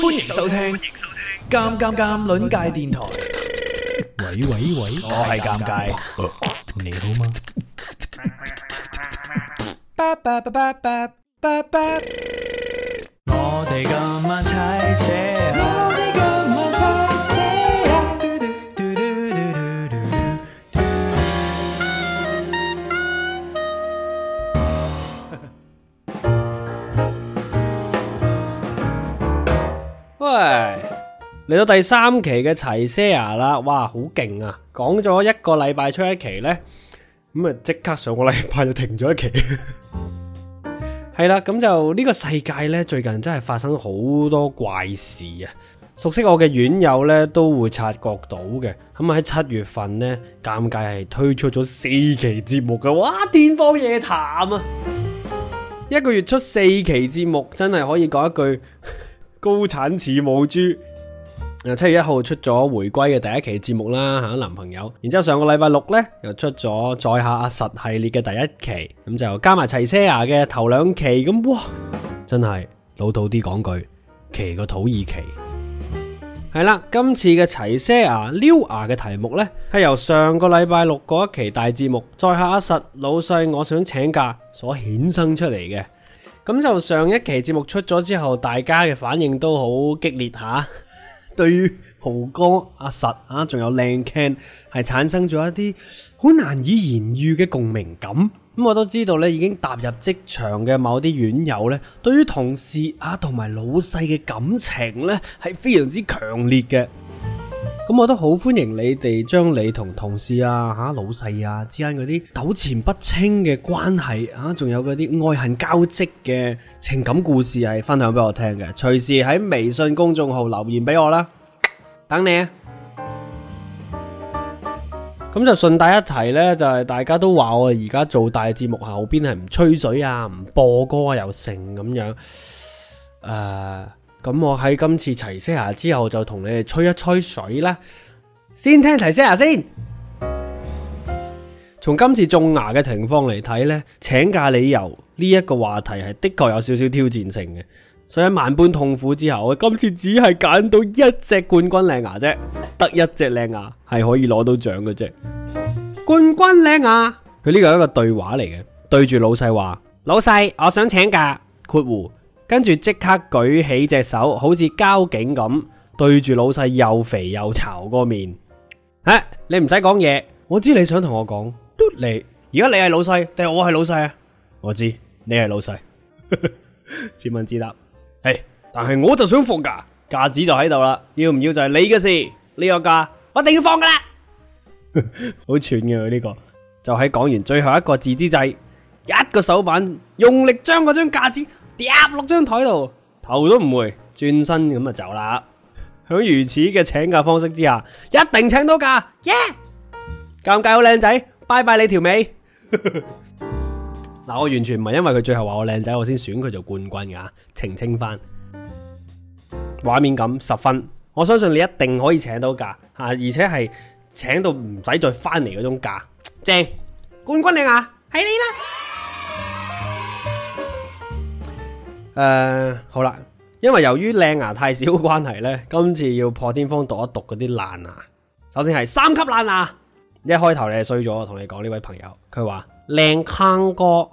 歡迎收聽《尷尷尷》鄰界電台。喂喂喂，我係尷尬，你好嗎？我哋今晚睇寫。到第三期嘅齊 Sir 啦，哇，好勁啊！講咗一個禮拜出一期呢，咁啊即刻上個禮拜就停咗一期。係 啦，咁就呢、呢個世界呢，最近真係發生好多怪事啊！熟悉我嘅院友呢，都會察覺到嘅，咁喺七月份呢，尷尬係推出咗四期節目嘅，哇，天方夜譚啊！一個月出四期節目，真係可以講一句高產似母豬。七月一號出咗回歸嘅第一期節目啦，吓男朋友。然之後上個禮拜六呢，又出咗在下阿實系列嘅第一期，咁就加埋齊車牙嘅頭兩期，咁哇，真係老土啲講句，奇過土耳其。係啦，今次嘅齊車牙溜牙嘅題目呢，係由上個禮拜六嗰一期大節目在下阿實老細我想請假所衍生出嚟嘅。咁就上一期節目出咗之後，大家嘅反應都好激烈吓。對於豪哥、阿實啊，仲有靚 Ken 係產生咗一啲好難以言喻嘅共鳴感。咁我都知道咧，已經踏入職場嘅某啲院友咧，對於同事啊同埋老細嘅感情咧，係非常之強烈嘅。咁我都好歡迎你哋將你同同事啊、吓、啊、老細啊之間嗰啲糾纏不清嘅關係啊，仲有嗰啲愛恨交織嘅情感故事係分享俾我聽嘅，隨時喺微信公眾號留言俾我啦，等你啊！咁就順帶一提呢，就係、是、大家都話我而家做大節目後邊係唔吹水啊，唔播歌啊，又成咁樣，誒、呃。咁我喺今次齊聲下之後就同你哋吹一吹水啦，先聽齊聲下先。從今次種牙嘅情況嚟睇，呢請假理由呢一個話題係的確有少少挑戰性嘅。所以萬般痛苦之後，我今次只係揀到一隻冠軍靚牙啫，得一隻靚牙係可以攞到獎嘅啫。冠軍靚牙，佢呢個係一個對話嚟嘅，對住老細話：老細，我想請假，括弧。跟住即刻舉起隻手，好似交警咁對住老細又肥又巢個面。唉、啊，你唔使講嘢，我知你想同我講、啊。你而家你係老細定係我係老細啊？我知你係老細。自問自答。嘿但係我就想放噶，架子就喺度啦，要唔要就係你嘅事。呢、這個架我一定要放噶啦。好串嘅呢個，就喺講完最後一個字之際，一個手板用力將嗰張架子。跌六張台度，頭都唔回，轉身咁就走啦。響如此嘅請假方式之下，一定請到假，耶、yeah!！尷尬，好靚仔，拜拜你條尾。嗱， 我完全唔係因為佢最後話我靚仔，我先選佢做冠軍噶。澄清翻，畫面感十分，我相信你一定可以請到假，吓，而且係請到唔使再翻嚟嗰種假，正冠軍靚呀、啊，係你啦。誒、呃，好啦，因為由於靚牙太少嘅關係呢，今次要破天荒讀一讀嗰啲爛牙。首先係三級爛牙，一開頭你係衰咗，我同你講呢位朋友，佢話靚康哥，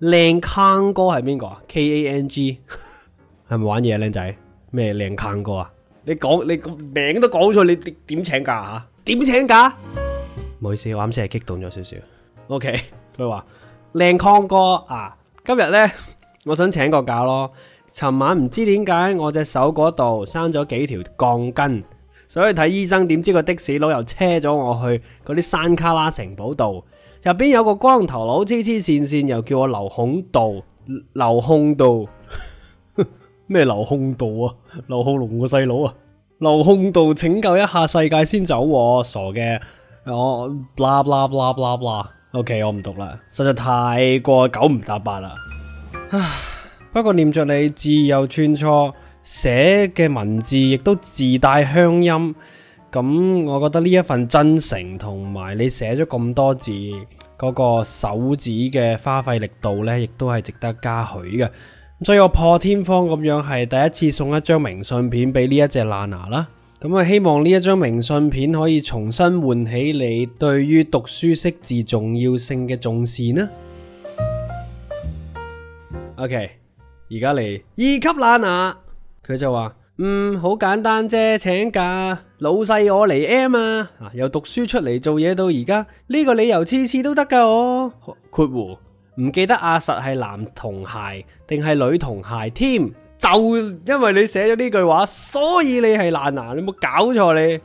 靚康哥係邊個啊？K A N G 係咪玩嘢啊，靚仔？咩靚康哥啊？啊你講你個名都講咗，你點點請假啊？點請假？唔好意思，我啱先係激動咗少少。O K，佢話靚康哥啊，今日呢……」我想請個假咯。尋晚唔知點解我隻手嗰度生咗幾條鋼筋，所以睇醫生。點知個的士佬又車咗我去嗰啲山卡拉城堡度，入邊有個光頭佬黐黐線線，又叫我留空道，留空道？咩留空道啊？劉浩龍個細佬啊，留空道拯救一下世界先走啊，傻嘅我啦啦啦啦啦，OK，我唔讀啦，實在太過九唔搭八啦。啊！不過念着你字又串錯，寫嘅文字亦都自帶鄉音，咁我覺得呢一份真誠同埋你寫咗咁多字嗰個手指嘅花費力度呢，亦都係值得嘉許嘅。所以我破天荒咁樣係第一次送一張明信片俾呢一隻爛牙啦。咁啊，希望呢一張明信片可以重新喚起你對於讀書識字重要性嘅重視呢。O.K. 而家嚟二級爛牙、啊，佢就話：嗯，好簡單啫，請假，老細我嚟 M 啊,啊！由讀書出嚟做嘢到而家呢個理由次次都得噶我括弧唔記得阿、啊、實係男同鞋定係女同鞋添？就因為你寫咗呢句話，所以你係爛牙，你冇搞錯你，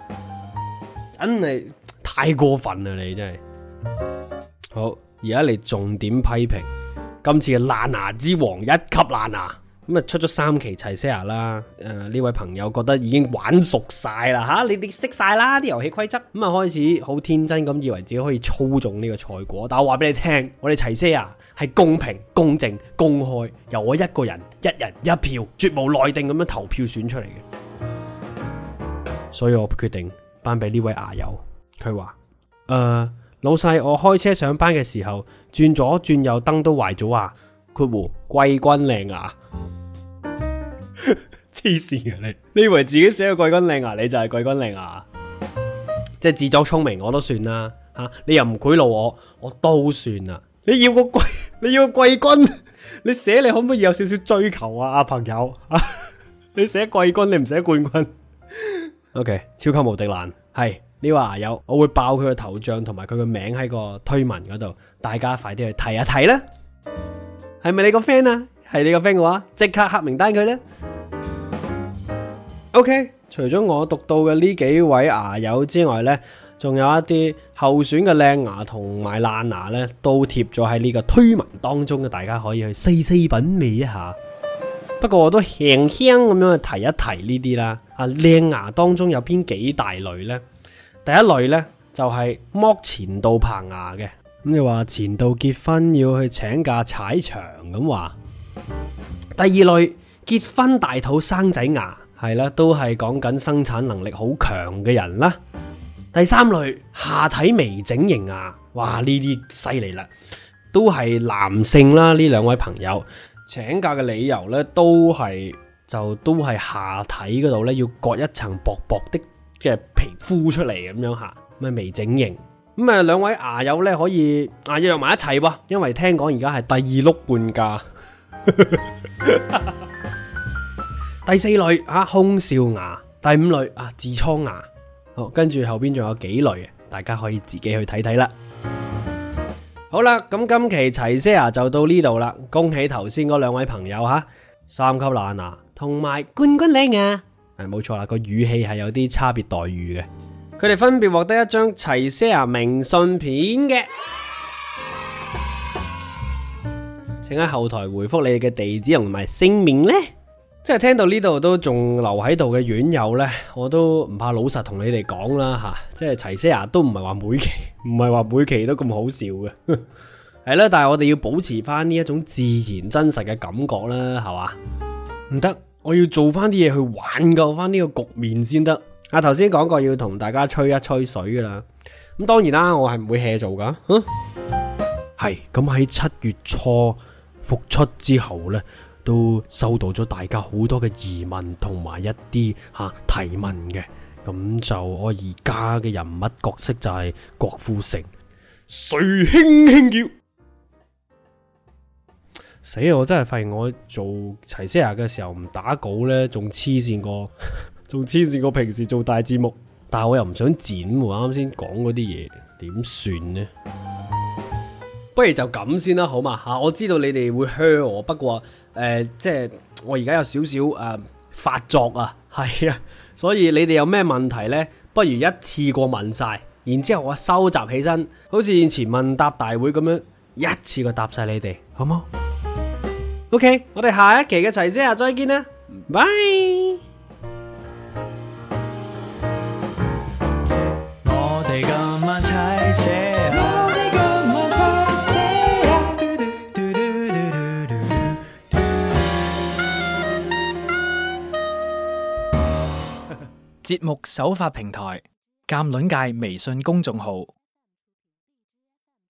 真係太過分啦！你真係好，而家嚟重點批評。今次嘅爛牙之王一級爛牙，咁啊出咗三期齊 Sir 啦，誒、呃、呢位朋友覺得已經玩熟晒啦吓，你哋識晒啦啲遊戲規則，咁啊開始好天真咁以為自己可以操縱呢個賽果，但我話俾你聽，我哋齊 Sir 係公平、公正、公開，由我一個人一人一票，絕無內定咁樣投票選出嚟嘅，所以我決定頒俾呢位牙友，佢話誒。呃老細，我開車上班嘅時候，轉左轉右燈都壞咗啊！括弧貴君靚啊，黐線啊！你你以為自己寫個貴君靚啊，你就係貴君靚啊？即係自作聰明我都算啦吓，啊，你又唔賄賂我，我都算啦。你要個貴，你要貴君，你寫你可唔可以有少少追求啊？啊朋友啊，你寫貴君你唔寫冠軍 ？OK，超級無敵難係。呢位牙友，我會爆佢個頭像同埋佢個名喺個推文嗰度，大家快啲去睇一睇啦。係咪你個 friend 啊？係你個 friend 嘅話，即刻黑名單佢啦。OK，除咗我讀到嘅呢幾位牙友之外呢，仲有一啲候選嘅靚牙同埋爛牙呢，都貼咗喺呢個推文當中嘅，大家可以去細細品味一下。不過我都輕輕咁樣去提一提這些呢啲啦。啊，靚牙當中有邊幾大類呢？第一類呢，就係剝前度棚牙嘅，咁你話前度結婚要去請假踩場咁話。第二類結婚大肚生仔牙係啦，都係講緊生產能力好強嘅人啦。第三類下體微整形牙，啊，哇呢啲犀利啦，都係男性啦。呢兩位朋友請假嘅理由呢，都係就都係下體嗰度呢，要割一層薄薄的，嘅皮膚出嚟咁樣吓，咪未整形咁啊！兩位牙友咧可以啊約埋一齊喎，因為聽講而家係第二碌半價。 第四類啊，空少牙，第五類啊，痔瘡牙。好，跟住後邊仲有幾類，大家可以自己去睇睇啦。好啦，咁今期齊聲牙就到呢度啦。恭喜頭先嗰兩位朋友吓，三級爛牙同埋冠軍靚牙。係冇錯啦，個語氣係有啲差別待遇嘅。佢哋分別獲得一張齊西亞明信片嘅，請喺後台回覆你嘅地址同埋姓名呢。即係聽到呢度都仲留喺度嘅院友呢，我都唔怕老實同你哋講啦吓。即係齊西亞都唔係話每期唔係話每期都咁好笑嘅，係 啦。但係我哋要保持翻呢一種自然真實嘅感覺啦，係嘛？唔得。我要做翻啲嘢，去挽救翻呢個局面先得。啊，頭先講過要同大家吹一吹水噶啦。咁當然啦，我係唔會 hea 做噶。係咁喺七月初復出之後呢，都收到咗大家好多嘅疑問同埋一啲吓、啊、提問嘅。咁就我而家嘅人物角色就係郭富城，誰輕輕叫。死啊！我真係發現我做齊思雅嘅時候唔打稿呢，仲黐線過，仲黐線過。平時做大節目，但係我又唔想剪。我啱先講嗰啲嘢點算呢？不如就咁先啦，好嘛吓？我知道你哋會噓我，不過誒、呃，即係我而家有少少誒發作啊，係啊，所以你哋有咩問題呢？不如一次過問晒，然之後我收集起身，好似以前問答大會咁樣，一次過答晒你哋，好冇？OK，我哋下一期嘅齊姐啊，再見啦，拜。節目首發平台：鑑論界微信公眾號。